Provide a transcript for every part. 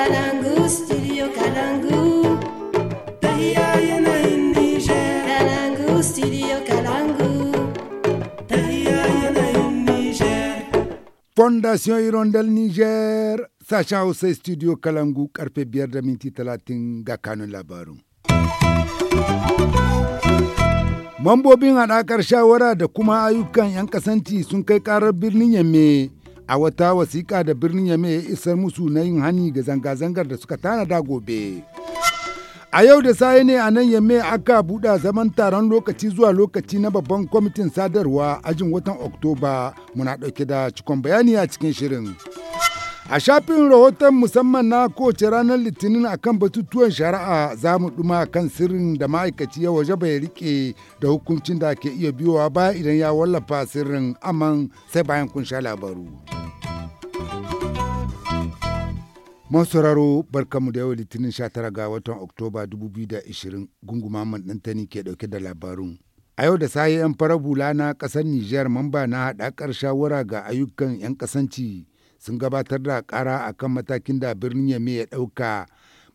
Kalangu, studio Kalangu. Tahiya yana in Niger. Kalangu, studio Kalangu. Tahiya yana in Niger. Fondation Hirondel Niger. Sashen Hausa Studio Kalangu karfe biyar da minti talatin ga kanun labarin. Mambobin haɗakar shawara da kuma ayyukan 'yan kasanti sun kai karar birnin Yamme a wata wasiƙa da birnin Yame ya isar musu na yin hani ga zanga-zangar da suka tanada gobe. A yau da saye ne a nan Yame aka buɗa zaman taron lokaci zuwa lokaci na babban kwamitin sadarwa ajin watan Oktoba muna ɗauke da cikon bayani a cikin shirin. A shafin rahoton musamman na kowace ranar Litinin akan batutuwan shari'a za mu ɗuma kan sirrin da ma'aikaci ya waje bai rike da hukuncin da ke iya biyowa ba idan ya wallafa sirrin aman sai bayan kun sha labaru. masauraro barkamu da yau litinin 19 ga watan oktoba 2020 gunguma man dantani ke dauke da labarun a yau da sahi 'yan farabula na ƙasar niger mamba na haɗakar shawara ga ayyukan 'yan kasanci. sun gabatar da kara kan matakin da birnin Yame ya ɗauka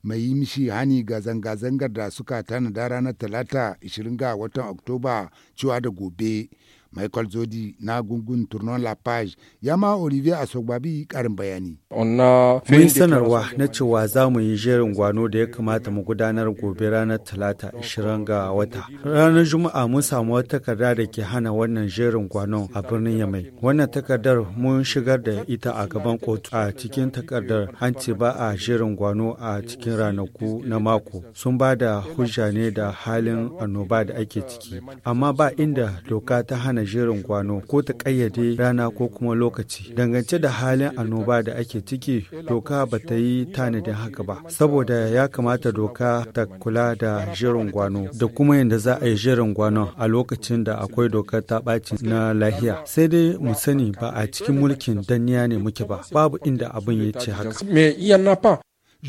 mai yi mishi hani ga zanga-zangar da suka tanada ranar talata 20 ga watan Oktoba cewa da gobe Michael Zodi na gungun Tournon La Page ya ma Olivier bi karin bayani. Mun sanarwa na cewa za mu yi jerin gwano da ya kamata mu gudanar gobe ranar Talata 20 ga wata. Ranar Juma'a mun samu wata takarda da ke hana wannan jerin gwano a birnin Yamai. Wannan takardar mun shigar da ita a gaban kotu a cikin takardar an ce ba a jerin gwano a cikin ranaku na mako. Sun ba da hujja ne da halin annoba da ake ciki. Amma ba inda doka ta hana jerin kwano ko ta kayyade rana ko kuma lokaci. Dangance da halin annoba da ake ciki, doka ba ta yi tanadin haka ba, saboda ya kamata doka ta kula da jerin gwano da kuma yadda za a yi jerin gwano a lokacin da akwai dokar ta ɓaci na lahiya. Sai dai mu sani ba a cikin mulkin danniya ne muke ba, babu inda abin ya ce haka.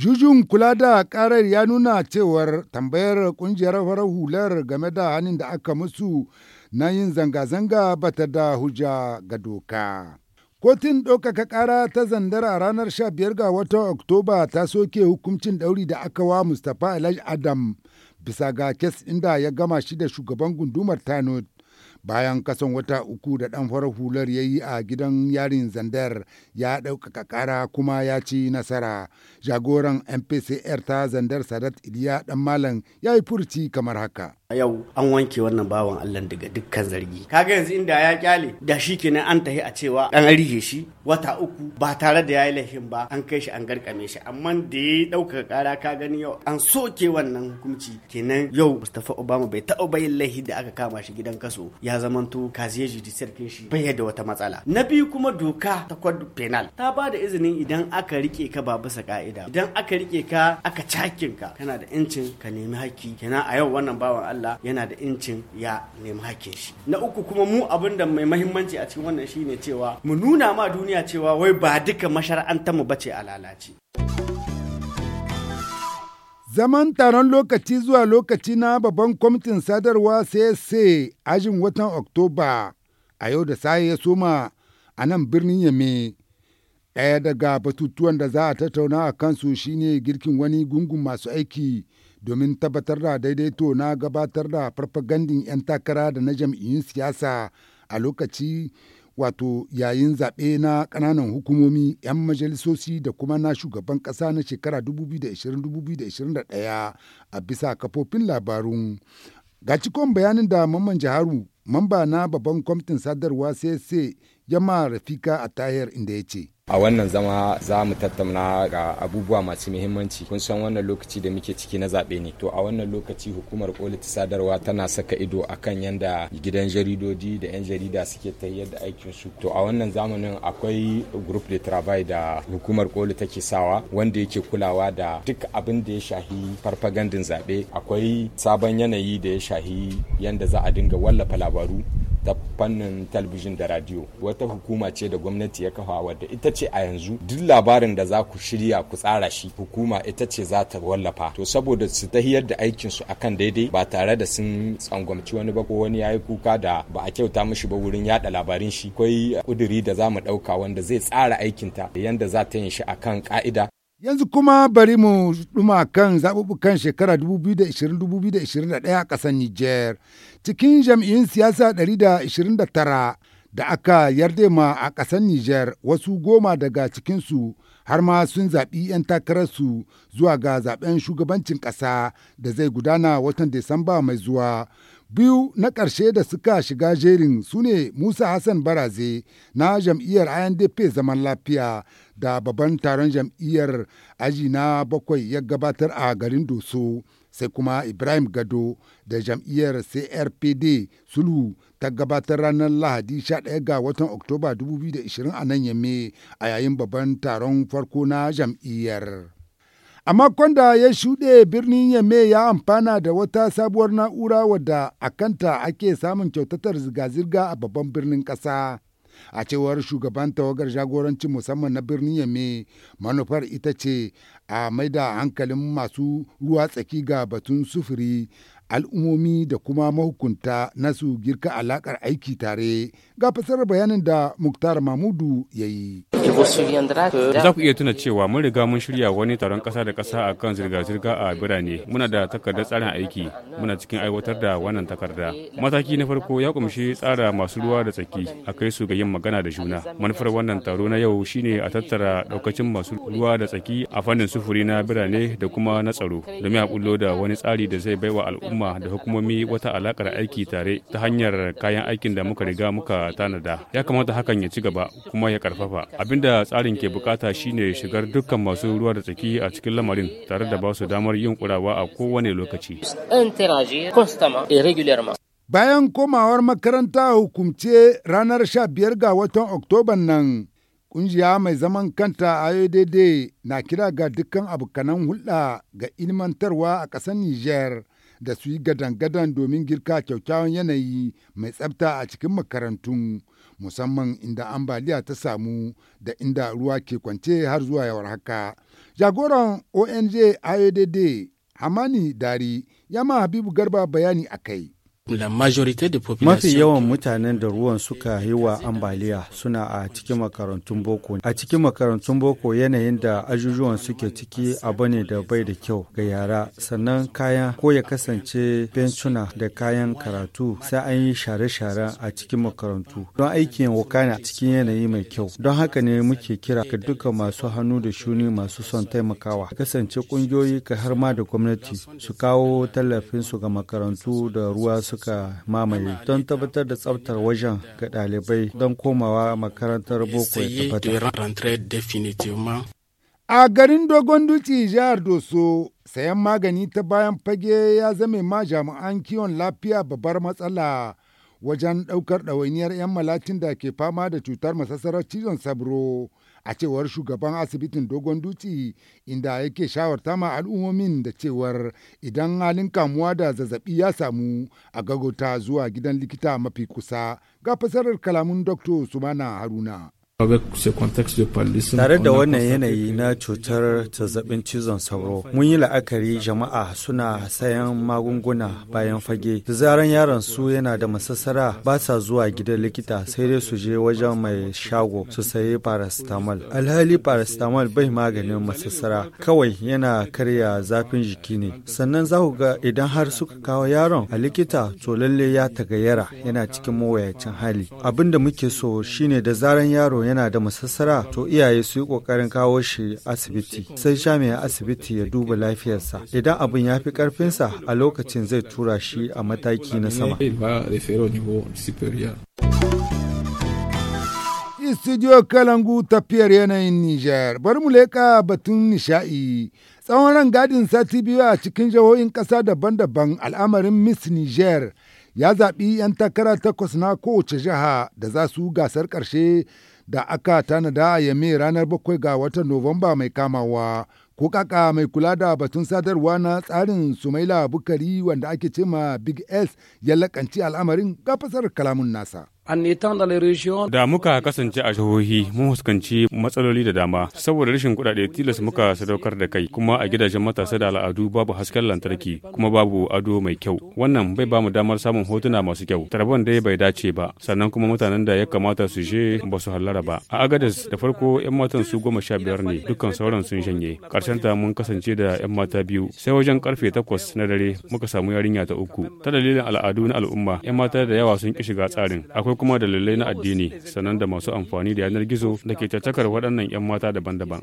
Jujun kula da karar ya nuna cewar tambayar kungiyar farar hular game da hannun da aka musu na yin zanga-zanga bata da hujja ga doka. Kotun ɗaukaka ƙara ta zandara a ranar 15 ga watan Oktoba ta soke hukuncin ɗauri da aka wa Mustapha Alhaji Adam bisa ga kes inda ya gama shi da shugaban gundumar Tanut. bayan kasan wata uku da ɗan farar hular ya yi a gidan yarin zandar ya ɗaukaka ƙara kuma ya ci nasara jagoran mpcr ta zandar sadat iliya ɗan malam ya yi furci kamar haka a yau an wanke wannan bawan Allah daga dukkan zargi kaga yanzu inda ya kyale da shi kenan an tahi a cewa an rige shi wata uku ba tare da yayi laifin ba an kai shi an garkame shi amma da ya dauka kara ka gani yau an soke wannan hukunci kenan yau Mustafa Obama bai taɓa bayin laifi da aka kama shi gidan kaso ya zamanto kaziye judicial kin shi bai da wata matsala na biyu kuma doka ta kwad penal ta ba da izinin idan aka rike ka ba bisa ka'ida idan aka rike ka aka cakin ka kana da yancin ka nemi hakki kenan a yau wannan bawan Allah yana da incin ya nemi hakkin shi na uku kuma mu abin da mai mahimmanci a cikin wannan shine cewa mu nuna ma duniya cewa wai ba duka mashara'anta mu bace a lalace Zaman taron lokaci zuwa lokaci na babban kwamitin sadarwa CSA ajin watan Oktoba a yau da saye ya soma a nan birnin Yame. Ɗaya daga batutuwan da za a tattauna a kansu shine girkin wani gungun masu aiki domin tabbatar da daidaito na gabatar da farfagandin 'yan takara da na jam'iyyun siyasa a lokaci wato yayin zaɓe na ƙananan hukumomi 'yan majalisosi da kuma na shugaban ƙasa na shekara 2020-2021 a bisa kafofin labarun ga bayanin da mamman jiharu mamba na babban kwamitin sadarwa sai ma rafika a tayar inda ya ce a wannan zama za mu tattauna ga abubuwa masu muhimmanci kun san wannan lokaci da muke ciki na zaɓe ne to a wannan lokaci hukumar koli ta sadarwa tana saka ido a kan yadda gidan jaridodi da 'yan jarida suke ta yadda aikin su to a wannan zamanin akwai group de travail da hukumar koli take sawa wanda yake kulawa da duk abin da ya shahi farfagandin zaɓe akwai sabon yanayi da ya shahi yanda za a dinga wallafa labarai labaru ta fannin talabijin da radio wata hukuma ce da gwamnati ya kafa wadda ita ce a yanzu duk labarin da za ku shirya ku tsara shi hukuma ita ce za ta wallafa to saboda su tahiyar da aikin su akan daidai ba tare da sun tsangwamci wani ba ko wani yayi kuka da ba a kyauta mishi ba wurin yada labarin shi akwai kuduri da za mu dauka wanda zai tsara aikin ta yanda za ta yin shi akan ka'ida Yanzu kuma bari mu ɗuma kan zaɓuɓɓukan shekara 2020-2021 a ƙasar Nijar. Cikin jam'iyyun siyasa 129 da aka yarda ma a ƙasar Nijar wasu goma daga cikinsu har ma sun zaɓi 'yan takararsu zuwa ga zaɓen shugabancin ƙasa da zai gudana watan desamba mai zuwa. Biyu na ƙarshe da suka shiga jerin su ne Musa Hassan Baraze na jam'iyyar INDP zaman lafiya da babban taron jam'iyyar aji na bakwai ya gabatar a garin Doso. sai kuma Ibrahim Gado da jam'iyyar CRPD Sulhu ta gabatar ranar Lahadi 11 ga watan Oktoba 2020 a nan Yamme a yayin babban taron farko na jam'iyyar. A makon da ya shuɗe birnin Yame ya amfana da wata sabuwar na'ura wadda a kanta ake samun kyautatar zirga-zirga a babban birnin ƙasa. A cewar shugaban tawagar jagoranci musamman na birnin Yame, manufar ita ce a maida hankalin masu ruwa tsaki ga batun sufuri al'ummomi da kuma mahukunta na su girka alakar aiki tare ga fasar bayanin da Muktar mahmudu ya yi. Za ku iya tuna cewa mun riga mun shirya wani taron ƙasa da ƙasa a kan zirga-zirga a birane. Muna da takardar tsarin aiki, muna cikin aiwatar da wannan takarda. Mataki na farko ya kumshi tsara masu ruwa da tsaki a kai su ga yin magana da juna. Manufar wannan taro na yau shine a tattara ɗaukacin masu ruwa da tsaki a fannin sufuri na birane da kuma na tsaro domin a da wani tsari da zai baiwa al'umma al'umma da hukumomi wata alakar aiki tare ta hanyar kayan aikin da muka riga muka tanada ya kamata hakan ya ci gaba kuma ya karfafa abinda tsarin ke bukata shine shigar dukkan masu ruwa da tsaki a cikin lamarin tare da ba su damar yin kurawa a kowane lokaci bayan komawar makaranta hukumce ranar 15 ga watan oktoban nan kungiya mai zaman kanta a na kira ga dukkan abokanan hulɗa ga ilmantarwa a ƙasar Nijar da su yi gadan-gadan domin girka kyaukyawan yanayi mai tsafta a cikin makarantun musamman inda ambaliya ta samu da inda ruwa ke kwance har zuwa yawar haka. Jagoran ONG IODD e Hamani Dari ya ma Habibu Garba bayani a kai. Mafi yawan mutanen da ruwan suka yi wa ambaliya suna a cikin makarantun boko. A cikin makarantun boko yanayin da ajujuwan suke ciki abu ne da bai da kyau ga yara. Sannan kayan ko ya kasance bencuna da kayan karatu sai an yi share-share a cikin makarantu don aikin wakana cikin yanayi mai kyau. Don haka ne muke kira ka duka masu hannu da shuni masu son taimakawa. Kasance kungiyoyi ka har ma da gwamnati su kawo tallafinsu ga makarantu da ruwa su suka mamaye don tabbatar da tsabtar wajen ga ɗalibai don komawa makarantar boko ya tabbata. A garin Dogon Dutse jihar Doso, sayan magani ta bayan fage ya zame ma jami'an kiwon lafiya babbar matsala wajen ɗaukar ɗawainiyar 'yan malatin da ke fama da cutar masasarar cizon sabro. a cewar shugaban asibitin dogon dutse inda yake shawarta ma al'ummomin da cewar idan halin kamuwa da zazzabi ya samu a gagota zuwa gidan likita mafi kusa ga fasarar kalamun dr sumana haruna Tare da wannan yanayi na cutar zazzabin cizon sauro, mun yi la'akari jama'a suna sayan magunguna bayan fage. Da zaran yaron su yana da masassara ba sa zuwa gidan likita sai dai su je wajen mai shago su sayi paracetamol. Alhali paracetamol bai maganin masassara, kawai yana karya zafin jiki ne. Sannan za ku ga idan har suka kawo yaron a likita to lalle ya tagayyara yana cikin mawayacin hali. Abinda muke so shine da zaran yaro yana da musassara to iyaye su yi ƙoƙarin kawo shi asibiti sai jami'in asibiti ya duba lafiyarsa idan abin ya fi karfinsa a lokacin zai tura shi a mataki na sama. studio kalangu tafiyar yanayin niger bari mu leka batun nishaɗi. Tsawon ran gadin sati biyu a cikin jihohin ƙasa daban-daban al'amarin Miss niger ya zaɓi 'yan takara takwas na kowace jiha da za su gasar ƙarshe da aka tanada a Yame ranar bakwai ga watan Nuwamba mai kamawa. Ko kaka mai kula da batun sadarwa na tsarin Sumaila Bukari wanda ake cema Big S ya lakanci al'amarin ga fasar kalamun nasa. Da muka kasance a jihohi mun fuskanci matsaloli da dama saboda rashin kuɗaɗe tilas muka sadaukar da kai kuma a gidajen matasa da al'adu babu hasken lantarki kuma babu ado mai kyau wannan bai bamu damar samun hotuna masu kyau tarban dai bai dace ba sannan kuma mutanen da ya kamata su je ba su hallara ba a agadas da farko yan matan su goma sha biyar ne dukkan sauran sun shanye karshen ta mun kasance da yan mata biyu sai wajen karfe takwas na dare muka samu yarinya ta uku ta dalilin al'adu na al'umma yan mata da yawa sun ki shiga tsarin akwai kuma dalilai na addini sannan da masu amfani da yanar gizo da ke tattakar waɗannan 'yan mata daban-daban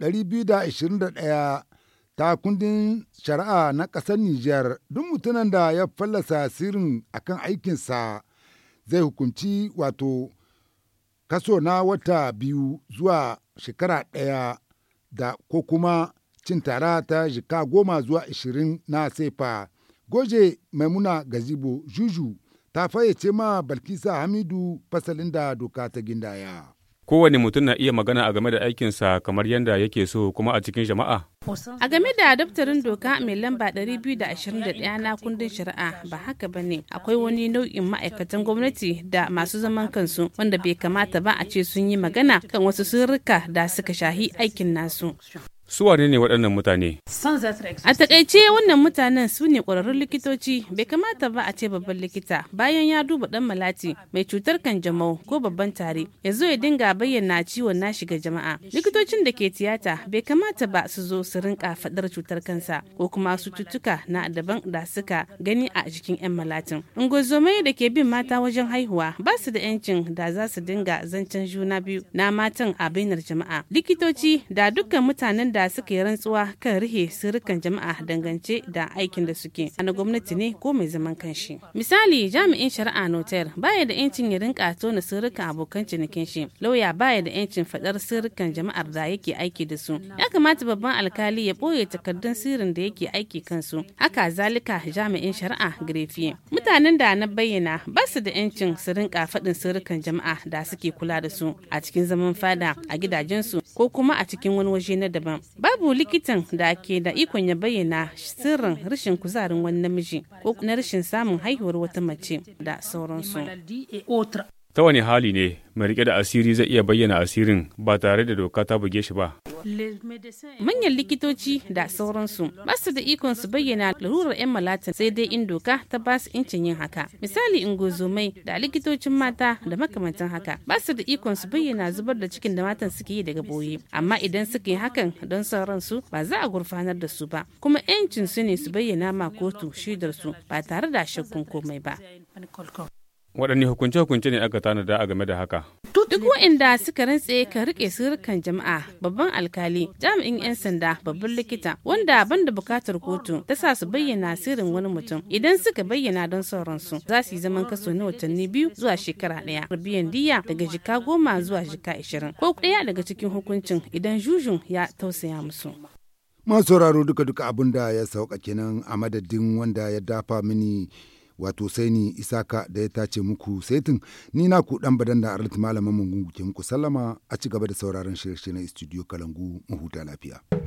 221 ta kundin shari'a na ƙasar Nijar duk mutumin da ya fallasa sirrin akan aikinsa zai hukunci wato kaso na wata biyu zuwa shekara ɗaya da ko kuma cin tara ta jika goma zuwa ishirin na sefa. Goje Maimuna Gazibo Juju ta fayyace ma Balkisa Hamidu fasalin da doka ta gindaya. kowane mutum na iya magana a game da aikinsa kamar yadda yake so kuma a cikin jama'a? A game da daftarin doka mai lamba 221 na kundin shari'a ba haka ba ne akwai wani nau'in ma'aikatan gwamnati da masu zaman kansu wanda bai kamata ba a ce sun yi magana kan wasu sirrika da suka shahi aikin nasu. Su wane ne waɗannan mutane? A takaice wannan mutanen su ne ƙwararrun likitoci bai kamata ba a ce babban likita bayan ya duba ɗan malati mai cutar kanjamau ko babban tare ya zo ya dinga bayyana ciwon nashi ga jama'a. Likitocin da ke tiyata bai kamata ba su zo su rinka faɗar cutar kansa ko kuma su cutuka na daban da suka gani a jikin 'yan malatin. Ungozomai da ke bin mata wajen haihuwa ba su da 'yancin da za su dinga zancen juna biyu na matan a bainar jama'a. Likitoci da dukkan mutanen da suka yi rantsuwa kan rihe sirrukan jama'a dangance da aikin da suke na gwamnati ne ko mai zaman kanshi misali jami'in shari'a notar baya da yancin ya rinka tona sirrukan abokan cinikin shi lauya baya da yancin faɗar sirrukan jama'ar da yake aiki da su ya kamata babban alkali ya ɓoye takardun sirrin da yake aiki kansu haka zalika jami'in shari'a grefi mutanen da na bayyana ba su da yancin su rinka faɗin sirrukan jama'a da suke kula da su a cikin zaman fada a gidajensu ko kuma a cikin wani waje na daban babu likitan da ke da ikon ya bayyana sirrin rashin kuzarin wani namiji ko na rashin samun haihuwar wata mace da sauransu ta wani hali ne mai rike da asiri zai iya bayyana asirin ba tare da doka ta buge shi ba manyan likitoci da sauransu ba su da ikon su bayyana larurar 'yan malatan sai dai in doka ta ba su incin yin haka misali in gozomai da likitocin mata da makamantan haka ba su da ikon su bayyana zubar da cikin da matan suke yi daga boye amma idan suke yi hakan don sauran su ba za a gurfanar da su ba kuma 'yancin su ne su bayyana ma kotu shaidar su ba tare da shakkun komai ba waɗanne hukunce-hukunce ne aka tanada a game da haka duk waɗanda suka rantse ka rike sirrukan jama'a babban alkali jami'in 'yan sanda babban likita wanda ban da bukatar kotu ta sa su bayyana sirrin wani mutum idan suka bayyana don sauransu za su yi zaman kaso na watanni biyu zuwa shekara ɗaya biyan diya daga jika goma zuwa jika ashirin ko ɗaya daga cikin hukuncin idan jujun ya tausaya musu masu sauraro duka-duka abin da ya sauka kenan a madadin wanda ya dafa mini wato sai ni isaka da ya tace muku saitin ni na ku dan badan da arlit malamin mun ke muku sallama a ci gaba da sauraron shirye-shiryen studio kalangu mu huta lafiya.